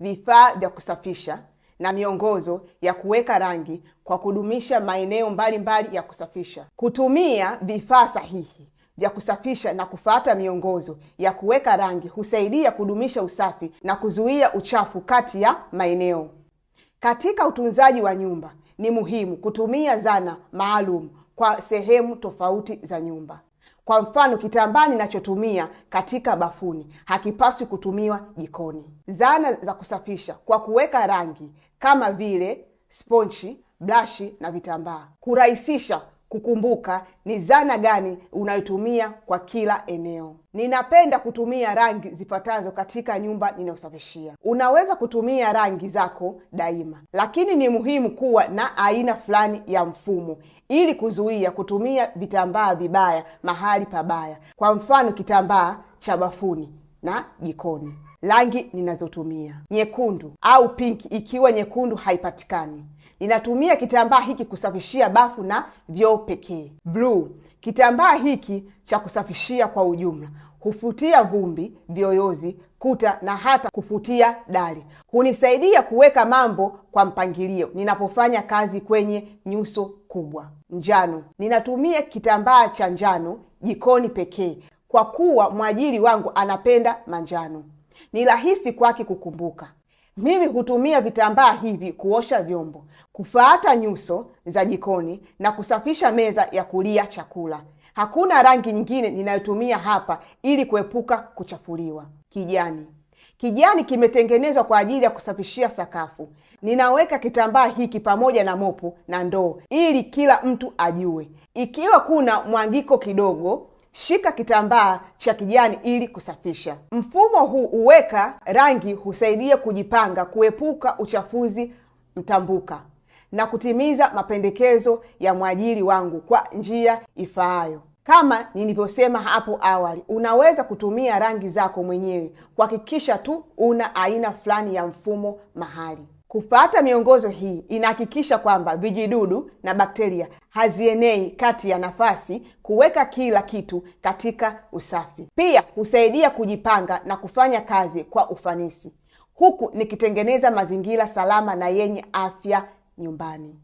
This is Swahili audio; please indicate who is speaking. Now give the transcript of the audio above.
Speaker 1: vifaa vya kusafisha na miongozo ya kuweka rangi kwa kudumisha maeneo mbalimbali ya kusafisha. Kutumia vifaa sahihi vya kusafisha na kufuata miongozo ya kuweka rangi husaidia kudumisha usafi na kuzuia uchafu kati ya maeneo. Katika utunzaji wa nyumba, ni muhimu kutumia zana maalum kwa sehemu tofauti za nyumba. Kwa mfano, kitambaa ninachotumia katika bafuni hakipaswi kutumiwa jikoni. Zana za kusafisha kwa kuweka rangi kama vile sponchi, brashi na vitambaa kurahisisha kukumbuka ni zana gani unayotumia kwa kila eneo. Ninapenda kutumia rangi zifuatazo katika nyumba ninayosafishia. Unaweza kutumia rangi zako daima, lakini ni muhimu kuwa na aina fulani ya mfumo ili kuzuia kutumia vitambaa vibaya mahali pabaya. Kwa mfano, kitambaa cha bafuni na jikoni. Rangi ninazotumia nyekundu au pinki, ikiwa nyekundu haipatikani ninatumia kitambaa hiki kusafishia bafu na vyoo pekee. Bluu, kitambaa hiki cha kusafishia kwa ujumla hufutia vumbi, vyoyozi, kuta na hata kufutia dari. Hunisaidia kuweka mambo kwa mpangilio ninapofanya kazi kwenye nyuso kubwa. Njano, ninatumia kitambaa cha njano jikoni pekee kwa kuwa mwajiri wangu anapenda manjano. Ni rahisi kwake kukumbuka. Mimi hutumia vitambaa hivi kuosha vyombo, kufaata nyuso za jikoni na kusafisha meza ya kulia chakula. Hakuna rangi nyingine ninayotumia hapa ili kuepuka kuchafuliwa. Kijani kijani kimetengenezwa kwa ajili ya kusafishia sakafu. Ninaweka kitambaa hiki pamoja na mopu na ndoo ili kila mtu ajue. Ikiwa kuna mwangiko kidogo shika kitambaa cha kijani ili kusafisha. Mfumo huu uweka rangi husaidia kujipanga, kuepuka uchafuzi mtambuka na kutimiza mapendekezo ya mwajiri wangu kwa njia ifaayo. Kama nilivyosema hapo awali, unaweza kutumia rangi zako mwenyewe, kuhakikisha tu una aina fulani ya mfumo mahali kufata miongozo hii inahakikisha kwamba vijidudu na bakteria hazienei kati ya nafasi, kuweka kila kitu katika usafi. Pia husaidia kujipanga na kufanya kazi kwa ufanisi, huku nikitengeneza mazingira salama na yenye afya nyumbani.